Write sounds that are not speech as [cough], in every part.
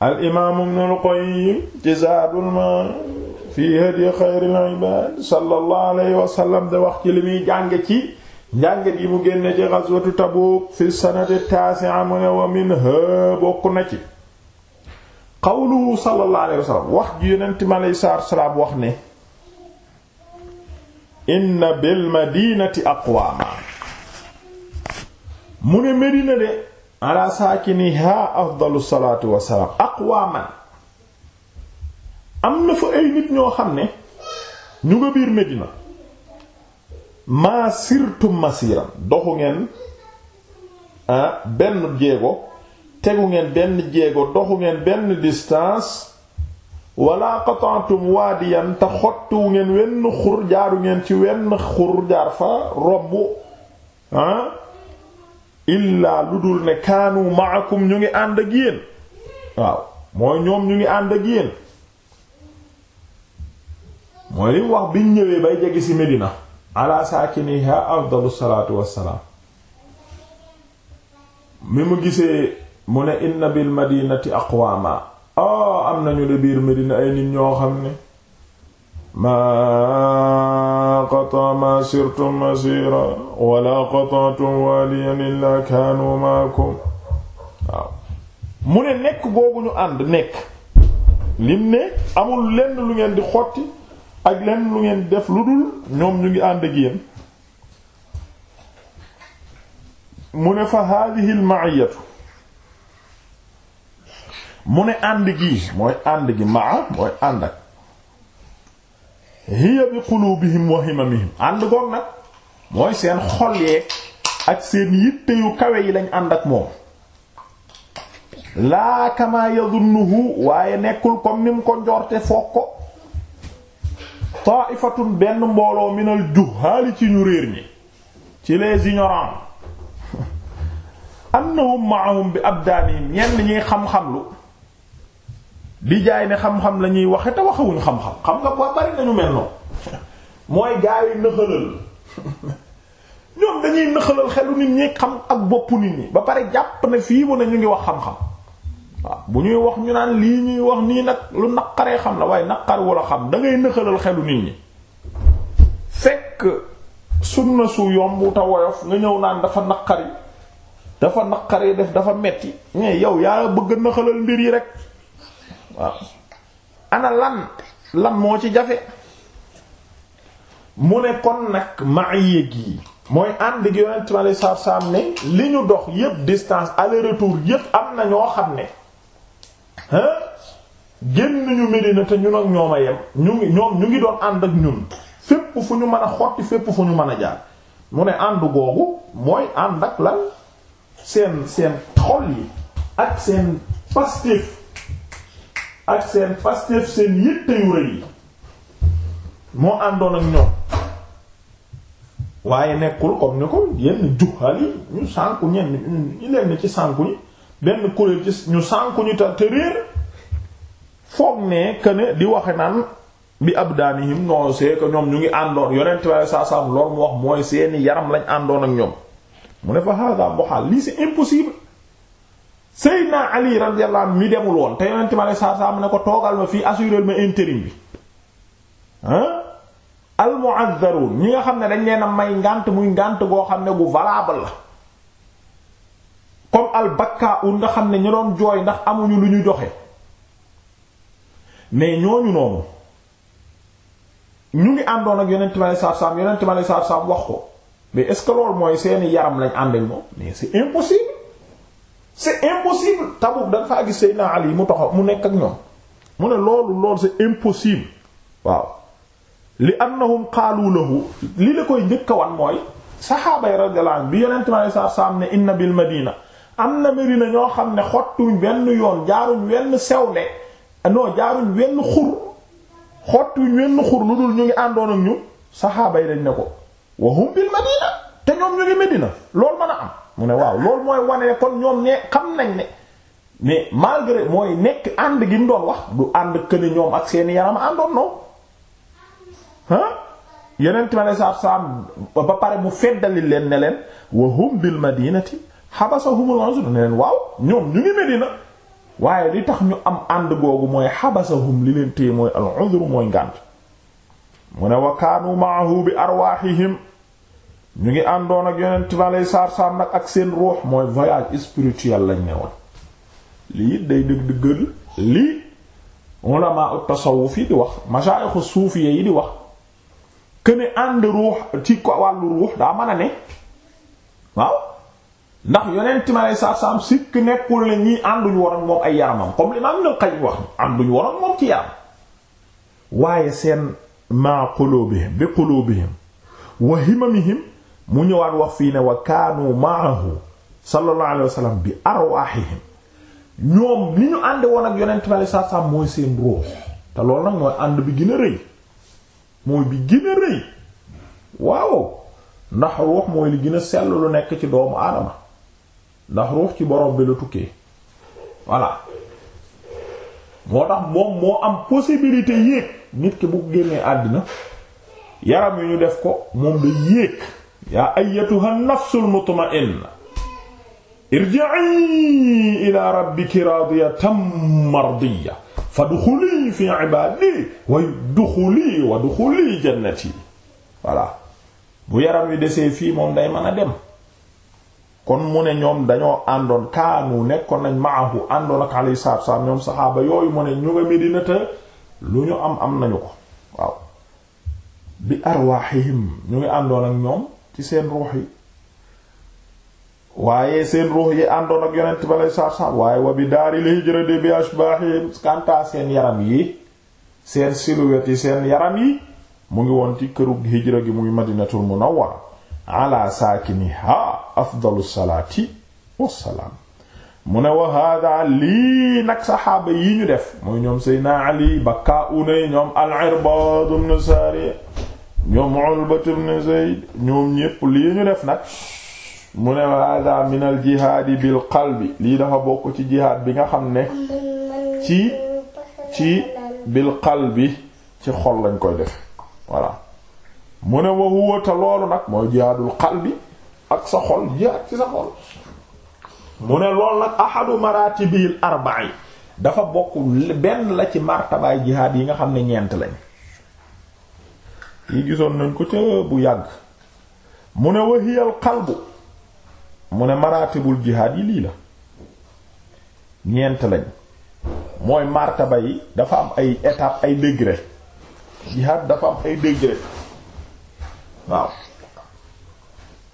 al imaam ibnul qayyim ci zaadul ma fii hadyi xayril ibaad sallallahu alayhi wa wax ci li muy jànge ci njàngat yi mu génne ci ghazwatu Tabuuk fi sanati taasi'a mu ne wa minhaa bokk na ci qawluhu sallallahu alayhi wa sallam wax ji yonent mi alayhi salaatu salaam wax ne inna bil madiinati aqwaama mu ne Medina de ala saakiniha afdalu salaatu wassalaam aqwaman am na fa ay nit ñoo xam ne ñu nga biir Medina maa sirtum masiran doxu ngeen ah, benn jéego tegu ngeen benn jéego doxu ngeen benn distance wala qata'tum waadiyan te xottu ngeen wenn xur jaaru ngeen ci wenn xur jaar fa romb ah. illaa lu dul ne kaanu maakum ñu ngi ànd ak yéen waaw mooy ñoom ñu ngi ànd ak yéen mooy li wax biñ ñëwee bay jege ci Medina ala saakiniha afdalu salaatu wassalaam mi mu gisee mu ne inna bil madinati aqwaama oh am nañu de biir Medina ay nit ñoo xam ne ma qata ma mu ne nekk googu ñu ànd nekk lim ne amul lenn lu ngeen di xotti ak lenn lu ngeen def lu dul ñoom ñu ngi ànd ak yéen mu ne fa haadihi al mu ne ànd gi mooy ànd gi maa mooy ànd ak hiya bi qulubihim wa himamihim ànd goog nag mooy seen xol yee ak seen yitte yu kawe yi lañ ànd ak moom laa kama yadunnuhu waaye nekkul ko ni ko njorte foog ko ta'ifatun benn mbooloo minal juhaali ci ñu réer ñi ci les na [laughs] annahum ma'ahum bi abdaanihim ñenn ñi xam-xamlu di jaay ne xam-xam la ñuy waxe te waxewuñ xam-xam xam nga ba bari nañu mel noonu mooy gaayu nëxalal ñoom dañuy nëxalal xelu nit ñi xam ak boppu nit ñi ba pare jàpp ne fii mu ne ñu ngi wax xam-xam waaw bu ñuy wax ñu naan lii ñuy wax nii nag lu naqaree xam la waaye naqar wala xam da ngay nëxalal xelu nit ñi fekk sunna su yomb te woyof nga ñëw naan dafa naqari dafa naqaree def dafa metti mais yow yaa bëgg nëxalal mbir yi rek waaw ana lan lan moo ci jafe mu ne kon nag ma yéeg yi mooy ànd gi yonent ma lay saar saam li ñu dox yépp distance aller retour yépp am na ñoo xam ne hein génn ñu Medina te ñun ak ñoom a yem ñu ngi ñoom ñu ngi doon ànd ak ñun fépp fu ñu mën a xotti fépp fu ñu mën a jaar mu ne ànd googu mooy ànd ak lan seen seen xol yi ak seen pastif ak seen pastef seen yitte yu rëy yi moo àndoon ak ñoom waaye nekkul comme ni ko yenn juxal yi ñu sànku ñenn ñu leen ci sànku ñi benn kuréel ci ñu sànku ñu te réer foog ne que ne di waxe naan bi ab daanihim non c'est ñoom ñu ngi àndoon yonent waaye saa mu wax mooy seeni yaram lañ àndoon ak ñoom mu ne fa hada muhal lii c'est impossible Seydina Ali radiyallahu anhu mi demul woon te yonent ma lay saa ne ko toogal ma fii assuré ma intérim bi ah al mu'azzarun ñi nga xam ne dañ leen a may ngànt muy ngànt goo xam ne gu valable la comme al bakkaa'un nga xam ne ñu doon jooy ndax amuñu lu ñu joxe mais ñooñu noonu ñu ngi àndoon ak yonent ma lay saa saa yonent ma lay saa saa wax ko mais est-ce mooy seeni yaram lañ àndal moom mais c'est impossible. c'est impossible Tabuk da nga faa gis Ali mu taxaw mu nekk ak ñoom mu ne loolu loolu c'est impossible waaw li annahum qaalu lahu li la koy njëkk a wan mooy saxaaba yi radiyallahu anhum bi yonent mi saa saam ne inna bil madina am na Medina ñoo xam ne xottuñ wenn yoon jaaruñ wenn sewle non jaaruñ wenn xur xottuñ wenn xur lu dul ñu ngi àndoon ak ñu saxaaba yi dañ ne ko wa hum bil madina te ñoom ñu ngi Medina loolu mën a am mu ne waaw loolu mooy wane kon ñoom ne xam nañ ne mais malgré mooy nekk ànd gi mu doon wax du ànd këne ñoom ak seen yaram àndoon noonu ah yeneen time ale saab ba pare mu feddali leen ne leen wa hum bil madinati habasahumul ansur ne waaw ñoom ñu ngi medina waaye li tax ñu am ànd googu mooy habasahum li leen téye mooy al uzr mooy ngànt mu ne wa kaanu ma'ahu bi arwaahihim ñu ngi àndoon ak yonent bi aleyhi salaatu salaam nag ak seen ruux mooy voyage spirituel lañ newoon lii day dëgg dëggal lii ulama at-tasawuf yi di wax mashaayixu suufiya yi di wax këne ànd ruux ci ko wàllu ruux daa man a ne waaw ndax yonent bi aleyhi salaatu salaam sikk nekkul ne ñii ànduñu woon moom ay yaramam comme l'imam Ibn Qayyim wax ànduñu woon moom ci yaram waaye seen ma qulubihim bi qulubihim wa himamihim mu ñëwaat wax fii ne wa kaanu maahu sallallahu alayhi wa sallam bi arwaahihim ñoom li ñu ànd woon ak yonent bi alayhi salaatu salaam mooy seen ruux te loolu nag mooy ànd bi gën a rëy mooy bi gën a rëy waaw ndax ruux mooy li gën a sell lu nekk ci doomu aadama ndax ruux ci borom bi la tukkee voilà moo tax moom moo am possibilité yéeg nit ki bu génnee àddina yaram yu ñu def ko moom day yéeg yaa ayyatuha nafsul mutma'inna irji'i ila rabbiki radiyatan mardiyya fadxuli fi ibaadi wa duxuli wa duxuli jannati voilà bu yaram wi desee fii moom day mën a dem kon mu ne ñoom dañoo àndoon kaanu nekkoon nañ maahu àndoon ak alayhi salaatu wassalaam ñoom saxaaba yooyu mu ne ñu nga Medina lu ñu am am nañu ko waaw bi arwaahihim ñu ngi àndoon ak ñoom ci seen ruux yi waaye seen ruux yi àndoon ak yonent ba lay saab-saab waaye wa bi daaril hijrati bi ashbahihim kàntaa seen yaram yi seen silhouette yi seen yaram yi mu ngi woon ci këru hijra gi muy madinatul munawwara ala saakiniha afdalu salaati wassalaam mu ne wa hada lii nag saxaaba yi ñu def mooy ñoom seydna ali bakka unay ñoom al irbad ibn sari ñoom Ulbat ibn Zayd ñoom ñépp lii ñu def nag mu ne hada min al jihaadi bil qalbi lii dafa bokk ci jihaad bi nga xam ne ci ci bil qalbi ci xol lañ koy def voilà mu ne wa huwa loolu nag mooy jihaadul qalbi ak sa xol jihaad ci sa xol mu ne loolu nag ahadu maratibil arba'i dafa bokk benn la ci martabaay jihaad yi nga xam ne ñeent lañ yi gisoon nañ ko ca bu yàgg mu ne waxiyal xalbu mu ne maraatibul jihaad yi lii la ñeent lañ mooy martaba yi dafa am ay étape ay degré jihaad dafa am ay degré waaw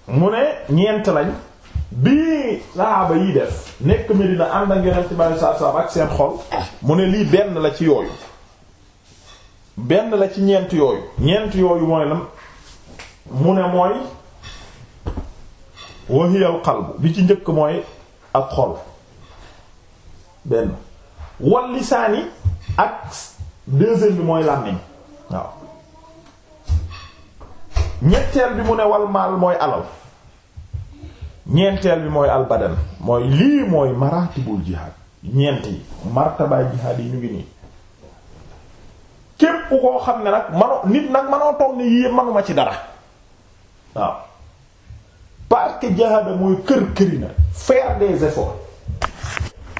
mu ne ñeent lañ bii saxaaba yi def nekk Medina ànd ak Yonent bi sallallahu alayhi ak seen xol mu ne lii benn la ci yooyu benn la ci ñeent yooyu ñeent yooyu mooy la mu ne mooy wahiyal qalb bi ci njëkk mooy ak xol benn wal lisaani ak deuxième bi mooy làmmiñ waaw ñetteel bi mu ne wal maal mooy alal ñeenteel bi mooy albadan mooy lii mooy maratibul jihaad ñeent yi martabaay jihaad yi ñu ngi nii képp koo xam ne nag mano nit nag manoo toog ne yii manuma ci dara waaw parce que jahada mooy kër këri na faire des efforts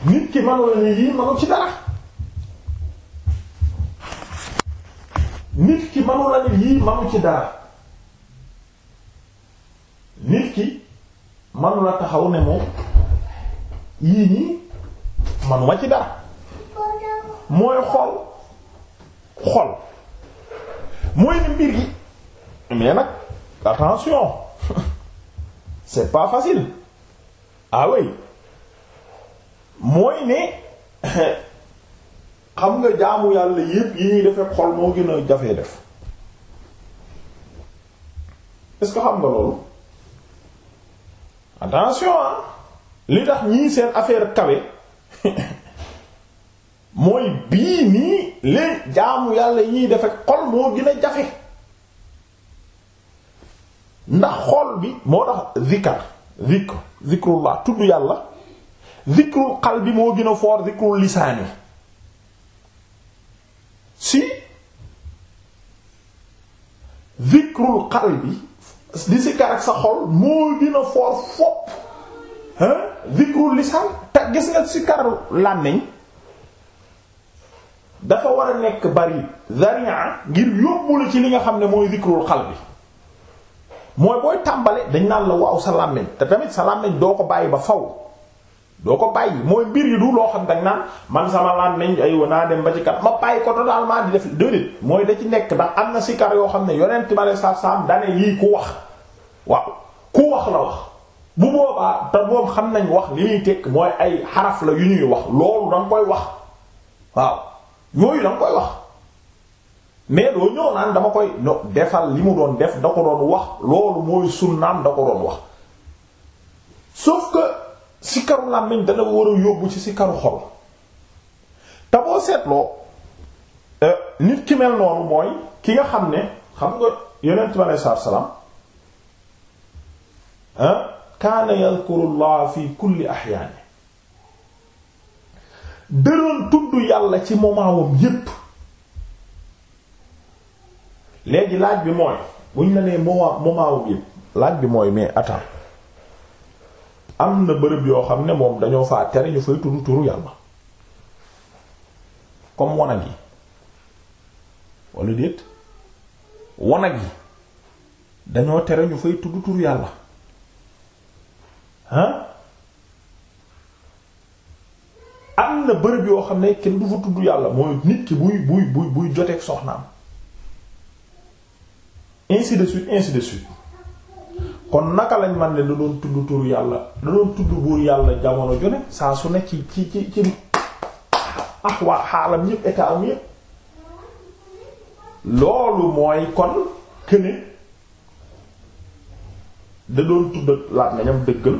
nit ki manula ci dara nit ki manula yii manu ci dara nit ki manula taxaw ne moom yii nii manuma ci dara mooy xol xol mooy ni mbir yi mais nag attention [laughs] c'est pas facile ah oui mooy ne [laughs] xam nga jaamu yàlla yépp yi ñuy defee xol moo gën a jafee def est-ce que xam nga loolu attention ah li tax ñii seen affaire kawe [laughs] mooy bii nii leen jaamu yàlla yi dafa xol moo gën jafe ndax xol bi moo tax zikar zikr zikrullah tudd yàlla zikrul qalbi moo gën a foor zikrul lisaan yi si zikrul qalbi di zikar ak sa xol moo gën a foor fopp hein lisaan te gis nga zikar làmmiñ dafa war a nekk bari zaria ngir yóbbu la ci li nga xam ne mooy zikrul xal bi mooy booy tàmbale dañ naan la waaw sa làmmiñ te tamit sa làmmiñ doo ko bàyyi ba faw doo ko bàyyi mooy mbir yi du loo xam dañ naan man sama làmmiñ aywa naa dem ba ci kat ma bàyyi ko totalement di def déedéet mooy da ci nekk ndax am na sikar yoo xam ne yonent bale sa saam dane yii ku wax waaw ku wax la wax bu boobaa te moom xam nañ wax li ñuy tekk mooy ay xaraf la yu wax loolu danga koy wax yooyu danga koy wax mais loo ñëw naan dama koy no defal li mu doon def da ko doon wax loolu mooy sunnaam da ko doon wax sauf que si karu dana war a yóbbu ci si karu xol te seetloo euh, nit ki mel noonu mooy ki nga xam ne xam nga yonent bi alei salaam ah kaana yadhkuru fi kulli ahyaani danoon tudd yàlla ci moment yépp léegi laaj bi mooy buñ la nee moment yépp laaj bi mooy mais attends am na bërëb yoo xam ne moom dañoo faa tere ñu fay tudd turu yàlla comme wanag yi walla déet wanag yi dañoo tere ñu fay tudd turu yàlla ah am na bërëb yoo xam ne kenn du fa tudd yàlla mooy nit ki buy buy buy buy joteeg soxnaam ainsi de suite ainsi de suite kon naka lañ man ne da doon tudd turu yàlla da doon tudd buur yàlla jamono jone saa su ne ci ci ci ci ah waa xaalam yëpp état am yëpp loolu mooy kon këne da doon tudd laat nañam dëggal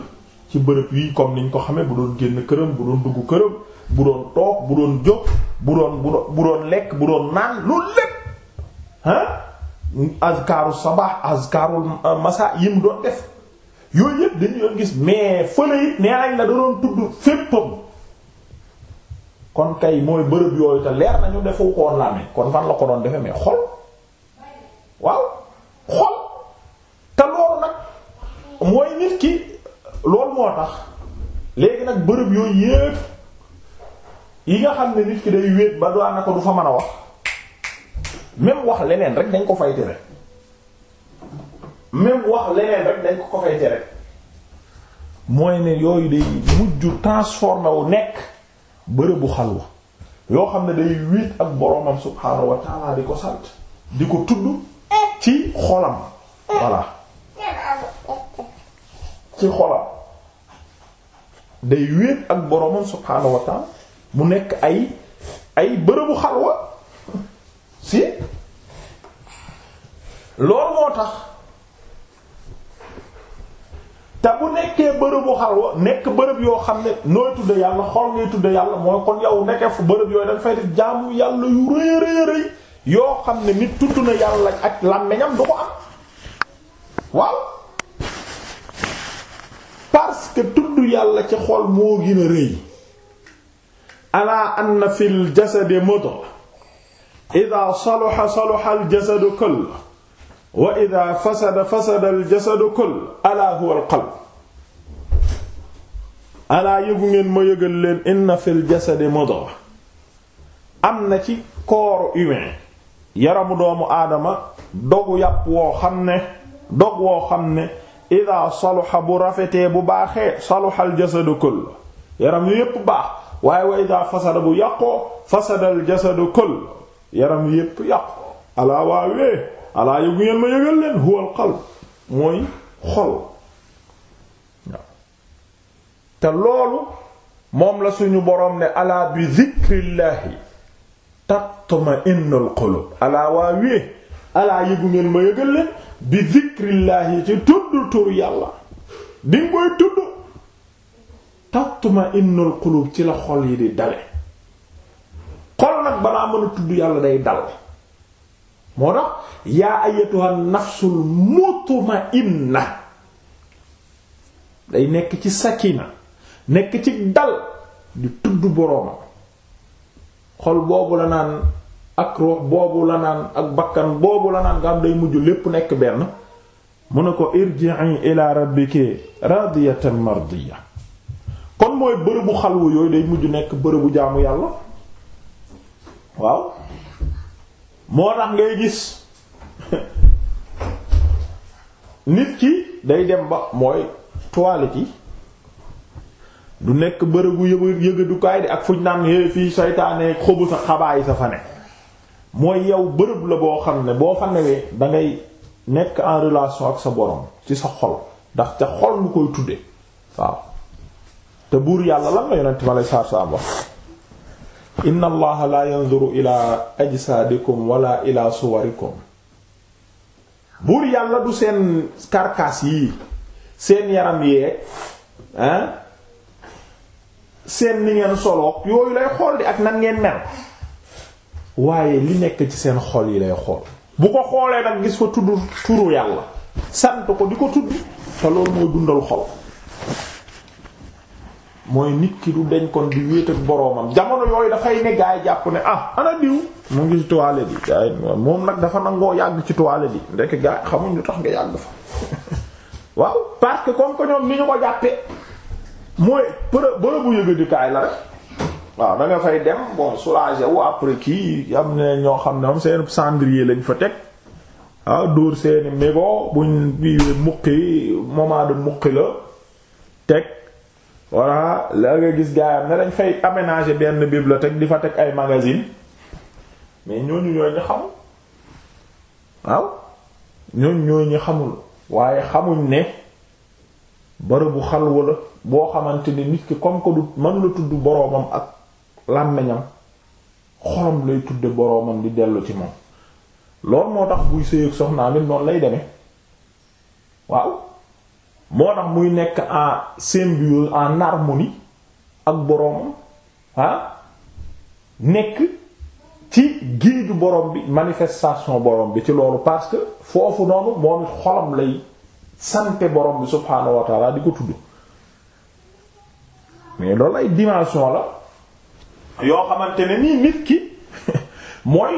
ci bërëb yi comme niñ ko xamee bu doon génn këram bu doon dugg këram bu doon toog bu doon jóg bu doon bu doon lekk bu doon naan loolu lépp ah azkaru sabah azkarul euh, masa yi mu doon def yooyu yëpp dañu doon gis mais fële it nee nañ la da doon tudd féppam kon kay mooy bërëb yooyu te leer nañu defu ko woon laa kon fan la ko doon defee mais xol waaw xol te loolu nag mooy nit ki loolu moo tax léegi nag bërëb yooyu yépp yi nga xam ne nit ki day wéet ba doon na ko du fa mën a wax même wax leneen rek dañ ko fay tere même wax leneen rek dañ ko ko fay tere mooy ne yooyu day mujj transformé wu nekk bërëbu xalwa yoo xam ne day wéet ak boromam subhaanahu wa ta'ala di ko sant di ko tudd ci xolam voilà ci xolam day wéet ak boromam subhaanahu wa mu nekk ay ay bërëbu xalwa si loolu moo tax te bu nekkee bërëbu xalwa nekk bërëb yoo xam ne nooy tudd yàlla xol ngay tudd yàlla mooy kon yow nekkee fu bërëb yooyu danga fay def jaamu yàlla yu rëy rëy rëy yoo xam ne nit tudd na yàlla ak làmmeñam du ko am waaw parce tudd yàlla ci xol moo gën a rëy alaa anna fil jasadi mudra ida salaha salaha al jasadu kull wa ida fasada fasada al jasadu kull alaa huwa al qalb alaa yëgu ngeen ma yëgal leen inna fil jasadi mudra am na ci corps humain yaramu doomu aadama dogu yàpp woo xam ne dog woo xam ne ida saluxa bu rafetee bu baaxee saluxal jasadu kull yaram yu yépp baax waaye wa ida fasada bu yàqoo fasadal jasadu kull yaram yu yépp yàqoo alaa waawee alaa yëgu ngeen ma yëgal leen huwal qalb mooy xol te loolu moom la suñu boroom ne alaa bi zikrillaahi tatma'innul qulub alaa waawee alaa yëgu ngeen ma yëgal bi zikrillahi ci tudd tur yàlla di koy tudd tatma innul qulub ci la xol yi di dale xol nag balaa mën tudd yàlla day dal moo tax yaa ayyatuha nafsul mutma'inna day nekk ci sakina nekk ci dal di tudd boroomam xol boobu la naan ak ruux boobu la naan ak bakkan boobu la naan nga am day mujj lépp nekk benn mu ne ko irji'i ila rabbiki radiyatan mardiya kon mooy bërëbu xalwu yooyu day mujj nekk bërëbu jaamu yàlla waaw moo tax ngay gis [laughs] nit ki day dem ba mooy toilette yi du nekk bërëbu yëg yëgadukaay di ak fuñ naan é fii saytaane xobu sa xabaay sa fa mooy yow bërëb la boo xam ne boo fa newee da nekk en relation ak sa borom ci sa xol ndax ca xol mu koy tudde waaw te buur yàlla lan la yonent ma lay saar sa am wax inna allaha la yanzuru ila ajsadikum wala ila suwarikum buur yàlla du seen karkaas yi seen yaram yeeg ah seen ni ngeen soloog yooyu lay xool di ak nan ngeen mel waaye li nekk ci seen xol yi lay xool bu ko xoolee nag ngis fa tudd turu yàlla sant ko di ko tudd te loolu mooy dundal xol mooy nit ki du deñ kon di wéet ak boroomam jamono yooyu dafay ne gaay jàpp ne ah ana diw mu ngi ci toilette bi gaay moom nag dafa nangoo yàgg ci toilette bi ndekk gaay xamuñ lu tax nga yàgg fa [laughs] waaw parce que comme ko ñoom ni ñu ko jàppee mooy bërë bërëbu yëgadikaay la rek waaw da nga fay dem bon soulager wu après kii yam na ñoo xam ne moom seen cendrier lañ fa teg ah dóor seeni mégo buñ bi muqi moment muqi la teg voilà la nga gis gaayam ne dañ fay aménager benn bibliothèque di fa teg ay magazine mais ñooñu ñooy ñu xamul waaw ñooñu ñooy xamul waaye xamuñ ne bërëbu xalwa la boo xamante ni nit ki comme que du mënula tudd boroomam ak làmmiñam xolam lay tudde boroomam di dellu ci moom loolu moo tax buy sëy ak soxnaam it noonu lay demee waaw moo tax muy nekk en symbiose en harmonie ak boroomam nekk ci géeju borom bi manifestation borom bi ci loolu parce que foofu noonu moom it xolam lay sante borom bi subhaanahu wa di ko tudd mais loolu ay dimension la yoo xamante ne nii nit ki [laughs] mooy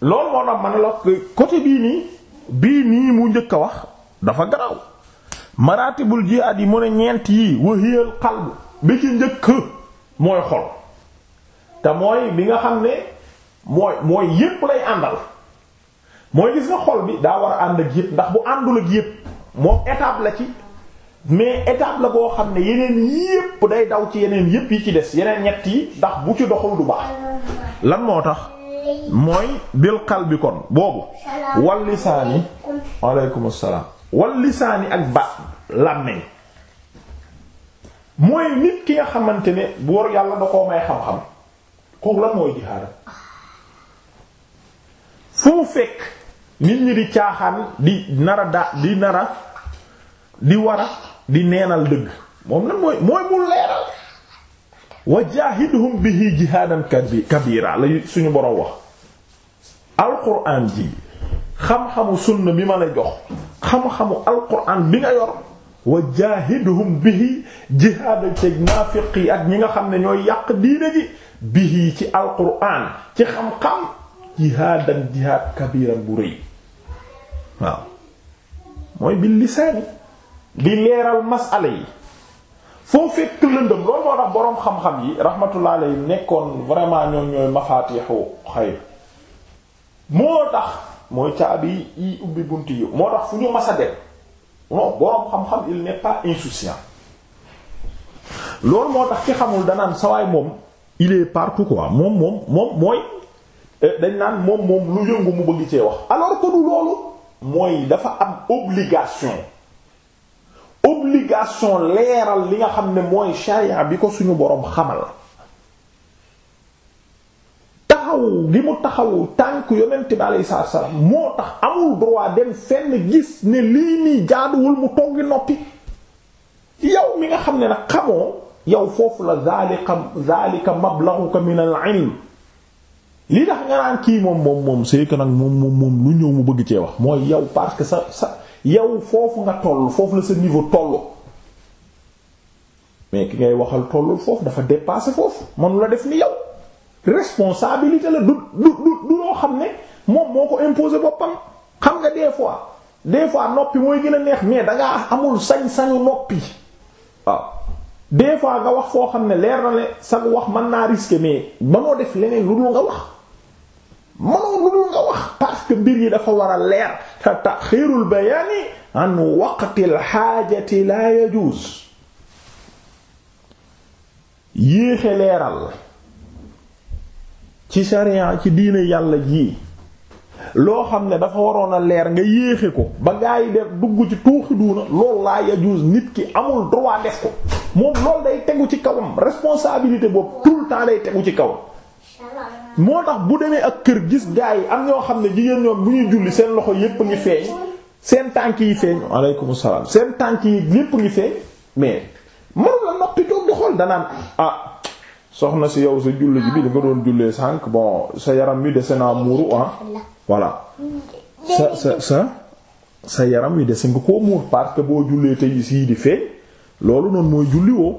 loolu moo tax ma ne la côté bii nii bii nii mu njëkk a wax dafa garaw maratibul jihaad yi mu ne ñeent yi wahiyal qalb bi ci njëkk mooy xol te mooy bi nga xam ne mooy mooy yépp lay àndal mooy gis nga xol bi daa war a ànd ak yépp ndax bu àndul ak yépp moom étape la ci mais étape la boo xam ne yeneen yépp day daw ci yeneen yépp yi ci des yeneen ñett yi ndax bu ci doxul du baax lan moo tax mooy bil qalbi kon boobu wal lisaani waaleykum salaam wal lisaani ak ba làmmeñ mooy nit ki nga xamante ne bu war yàlla da koo may xam-xam kooku lan mooy jihaad fu mu fekk nit ñi di caaxaan di nara da di nara di wara di neenal dëgg moom nag mooy mooy mu leeral wa jahidhum bihi jihaadan kabira la suñu boroom wax alquran ji xam-xamu sunna bi ma la jox xam-xamu alquran bi nga yor wa jahidhum bihi jihaadan teg naafiq yi ak ñi nga xam ne ñooy yàq diine ji bihi ci alquran ci xam-xam jihaadan jihaad kabiran bu rëy mooy bil lisaani li leeral masala yi foo fekk lëndëm loolu moo tax boroom xam-xam yi rahmatullah alayhi nekkoon vraiment ñoom ñooy mafaatixu xayr moo tax mooy caabi yi ubbi bunt yi moo tax fu ñu mas a dem non boroom xam-xam il n'est pas insouciant loolu moo tax ci xamul danaan sawaay moom il part partout quoi moom moom moom mooy eh, dañ naan moom moom lu yëngu mu bëgg cee wax alors que du loolu mooy dafa am obligation obligation leeral li nga xam ne mooy sharia bi ko suñu boroom xamal taxawu gi mu taxawu tànk yonent bi alayhi salaatu salaam moo tax amul droit dem fenn gis ne lii nii jaaduwul mu togg noppi yow mi nga xam ne nag xamoo yow foofu la zalika zalika mablaghuka min al-ilm li tax nga naan kii moom moom moom c'est que nag moom moom moom lu ñëw mu bëgg cee wax mooy yow parce que sa sa yow foofu nga toll foofu la sa niveau toll mais ki ngay waxal tollul foofu dafa dépassé foofu mënu la def ni yow responsabilité la du du du du loo xam ne moom moo ko imposé boppam xam nga des fois des fois noppi mooy gën a neex mais da ngaa amul sañ-sañu noppi waaw des fois nga wax foo xam ne leer na ne sa wax man naa risqué mais mënoo def leneen lu dul nga wax. mënoo lu dul nga wax parce que mbir yi dafa war a leer te taxiirul bayaani an waqtil xaajati laa yajuuz yéexe leeral ci sharia ci diine yàlla ji loo xam ne dafa waroon a leer nga yéexe ko ba gaa yi def dugg ci tuuxi duuna loolu laa yajuuz nit ki amul droit def ko moom loolu day tegu ci kawam responsabilité boobu tout le temps day tegu ci kawam moo tax bu demee ak kër gis gaa yi am ñoo xam ne jigéen ñoom bu ñuy julli seen loxo yépp ngi feeñ seen tànk yi feeñ aleykum salaam seen tànk yi yépp ngi feeñ mais mënu la noppi toog di danaan ah soxna si yow sa julli ji bi da nga doon jullee sànq bon sa yaram wi dese naa muuru ah sa yaram wi dese nga koo muur parce que boo jullee te sii di feeñ loolu noonu mooy julliwoo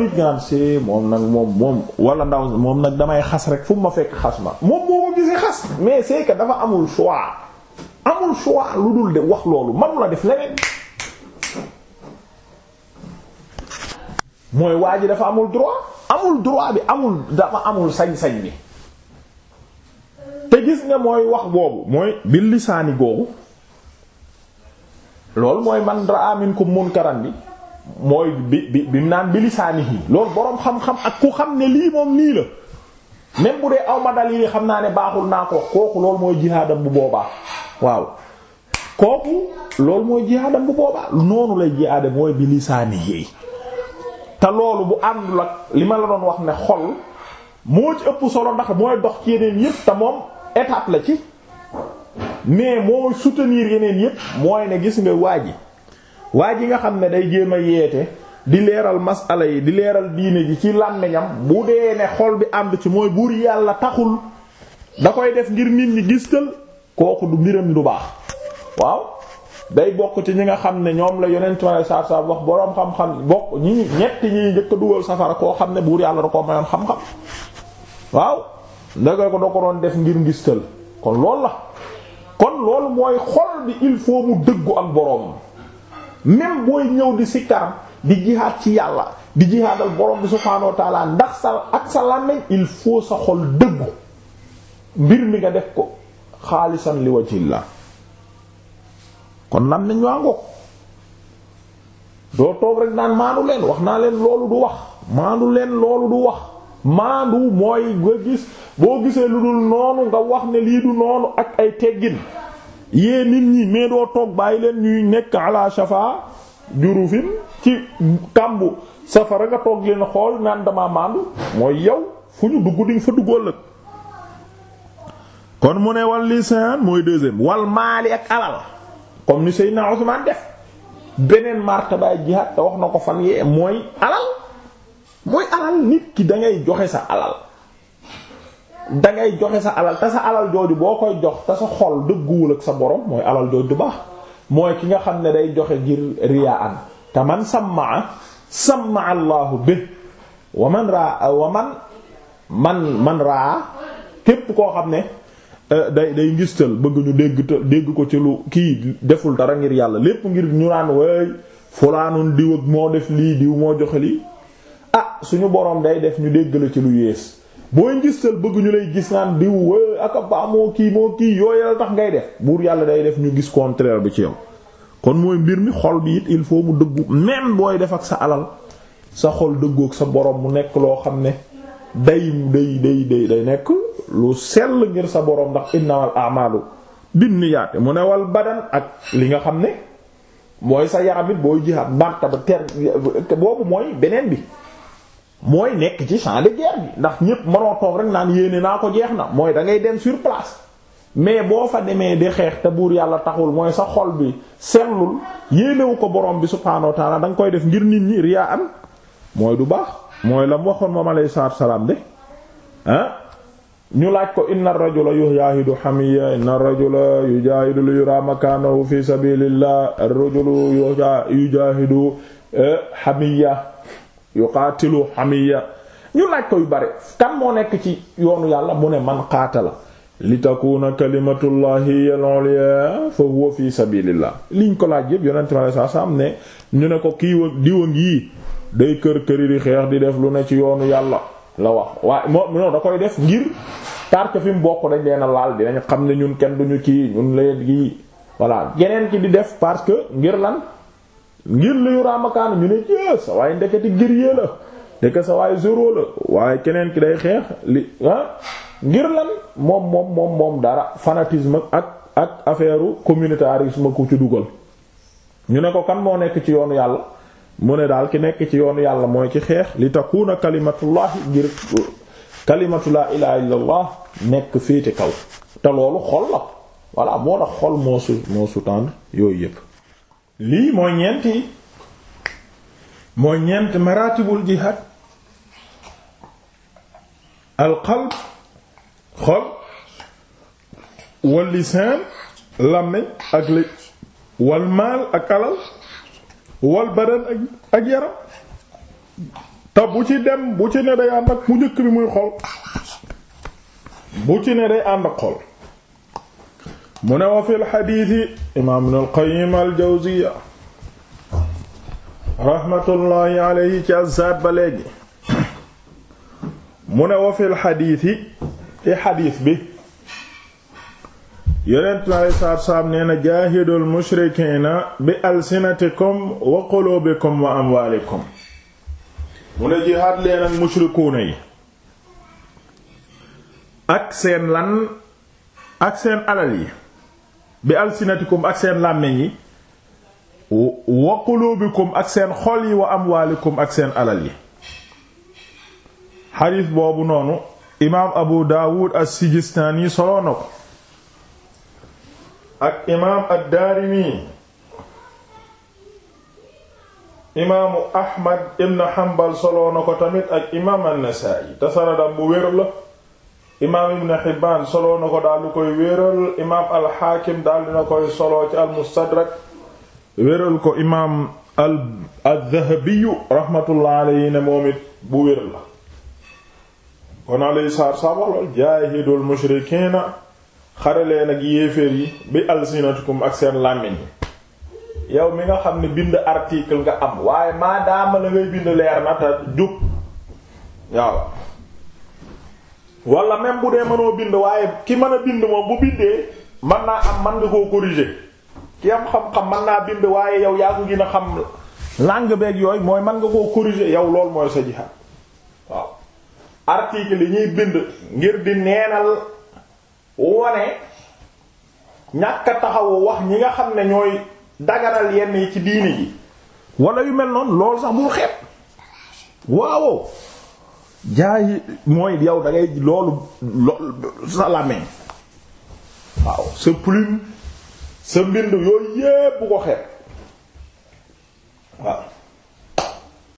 nit moom nag moom moom wala ndaw moom nag damay xas rek fu mu ma fekk xas ma moom moo ko gisee xas mais c'est que dafa amul choix amul choix lu dul de wax loolu manu la def leneen mooy waa ji dafa amul droit amul droit bi amul dafa amul sañ-sañ bi te gis nga mooy wax boobu mooy bil lisaani googu loolu mooy man raa minkum munkaran bi mooy bi bi bi naan bi lisaanihi loolu boroom xam-xam ak ku xam ne lii moom nii la même bu dee aw ma dalil xam naa ne baaxul naa ko kooku loolu mooy jihaadam bu boobaa waaw kooku loolu mooy jihaadam bu boobaa noonu lay jihaade mooy bi lisaanihi te loolu bu àndul ak li ma la doon wax ne xol moo ci ëpp solo ndax mooy dox ci yeneen yépp te moom étape la ci mais moo soutenir yeneen yépp mooy ne gis nga waa ji waa ji nga xam ne day jéem a yeete di leeral masala yi di leeral diine ji ci làmmiñam bu dee ne xol bi ànd ci mooy buur yàlla taxul da koy def ngir nit ñi gistal kooku du mbiram du baax waaw day bokk ci ñi nga xam ne ñoom la yonent ma saab saab wax boroom xam-xam bokk ñi ñetti ñi njëkk a dugal safara koo xam ne buur yàlla da koo mayoon xam-xam waaw ndagay ko da ko doon def ngir ngistal kon loolu la kon loolu mooy xol bi il faut mu dëggu ak boroomam même booy ñëw di sikkar di jihaad ci yàlla di jihaadal borom bi subhaanahu ndax sa ak sa làmmiñ il faut sa xol dëggu mbir mi nga def ko xaalisan li wajhillah kon làmmiñ waa ngoog doo toog rek naan maandu leen wax naa leen loolu du wax maandu leen loolu du wax maandu mooy nga gis boo gisee lu dul noonu nga wax ne lii du noonu ak ay teggin yée nit ñi mais doo toog bàyyi leen ñuy nekk ala shafa jurufin ci kàmbu safara nga toog leen xool naan dama màndu mooy yow fu ñu dugg di fa duggool la kon mu ne wal lisaan mooy deuxième wal maali ak alal comme ni Seydina Usmaan def beneen martabaay jihaad te wax na ko fan yee mooy alal mooy alal nit ki dangay joxe sa alal da ngay joxe sa alal te sa alal jooju boo koy jox te sa xol dëgguwul ak sa borom mooy alal jooju du baax mooy ki nga xam ne day joxe ngir riyaan te man sammaa sammaa allahu bi wa man raa wa man man raa képp koo xam ne eh, day day ngistal bëgg ñu dégg te dégg ko ci lu kii deful dara ngir yàlla lépp ngir ñu naan way fulaanun diw ak moo def lii diw moo joxe lii ah suñu borom day def ñu dégg la ci lu yées booy ngistal bëgg ñu lay gis naan diw aka ba moo kii moo kii yooyu la tax ngay def buur yàlla day def ñu gis contraire bi ci yow kon mooy mbir mi xol bi it il faut mu dëggu même booy def ak sa alal sa xol dëggoog sa boroom mu nekk loo xam ne day day day day day nekk lu sell ngir sa borom ndax innamal a'malu binniyaat mu ne wal badan ak li nga xam ne mooy sa yaram it booy jihaat martaba ter boobu mooy beneen bi mooy nekk ci champ de bi ndax ñépp mënoo toog rek naan yéene naa ko jeex na mooy da ngay dem sur place mais boo fa demee di xeex te buur yàlla taxul mooy sa xol bi sellul yéenewu ko borom bi subhaanahu wa ta'ala da koy def ngir nit ñi riyaa am mooy du baax mooy la mu waxoon moom alayhi salaatu salaam de ah ñu laaj ko inna ar-rajula yujahidu hamiya inna ar-rajula yujahidu li yura makanahu fi sabilillah ar-rajulu yuqaatilu hamiya ñu laaj koy bare kan moo nekk ci yoonu yàlla mu ne man qaatala li takuna kalimatullahi al-ulya fa huwa fi sabilillah liñ ko laaj yépp yonent ma saa sa am ne ñu ne ko kii diwa ngi day kër këri yi xeex di def lu ne ci yoonu yàlla la wax waaye moom non da koy def ngir parce que fi mu bokk dañ leen a laal dinañ xam ne ñun kenn duñu kii ñun leen kii voilà geneen ki di def parce que ngir lan ngir liyu raamakaan ñu ne jë sa waaye ndeketi giriye la ndeke sa waaye zéro la waaye keneen ki day xeex li ah ngir lan moom moom moom dara fanatisme ak ak affaire communautarisme ku ci dugal ñu ne ko kan moo nekk ci yoonu yàlla mu ne daal ki nekk ci yoonu yàlla mooy ci xeex li takuna kalimatullahi ngir kalimatu laa ilaha illallah nekk féete kaw te loolu xol la voilà moo tax xol moo su moo sutendre yooyu yépp lii mooy ñeent yi mooy ñeent maratibul jihad al qalb xol wal lisaan làmmiñ ak li wal maal ak alal wal badan ak yaram te bu ci dem bu ci ne day ànd ak mu njëkk bi muy xol bu ci ne day ànd ak xol mu ne wa fi lxadiiti imaam ibn al-Qayyim al-Jawziyya rahmatullahi alayhi ci azzaad ba léegi mu ne wa fi lxadiiti ci xadiis bi yonent mi alayhi salaatu salaam nee na jaahidul mushrikiina bi alsinatikum wa quluubikum wa amwaalikum mu ne jihaad leen ak mushrikuuna yi ak seen lan ak seen alal yi bi alsinatikum ak seen làmmiñ yi wa qulubikum ak seen xol yi wa amwaalikum ak seen alal yi xadiis boobu noonu imaam abu daawud as-sijistaani soloo ko ak imaam ad-daarimi imaamu ahmad ibn hanbal soloo ko tamit ak imaam an-nasaa'i te sanadam bu wér la imaam ibn Hibbaan solo na ko daal koy wéeral imaam al-Haakim daal koy solo ci al-Mustadrak ko imaam al-Dhahabi rahmatullah alayhi ne moom it bu wér la kon alayhi salaatu wassalaam jaahidul mushrikiina xare leen ak yéeféer yi bi alsinatikum ak seen làmmiñ yi yow mi nga xam ne bind article nga am waaye maadaama la ngay bind leer na jub wala même bu dee mënoo bind waaye ki mën a bind moom bu bindee man naa am mën nga koo corriger ki am xam-xam mën naa bind waaye yow yaa ko gën a xam langue beeg yooyu mooy mën nga koo corriger yow lool mooy sa jihaad waaw article yi bind ngir di neenal wone ñàkk taxawu wax ñi nga xam ne ñooy daganal yenn yi ci diini ji wala yu mel noonu loolu sax bul xeeb waaw jaay mooy yow da ngay loolu sa làmmiñ waaw sa plume sa mbind yooyu yépp ko xeet waaw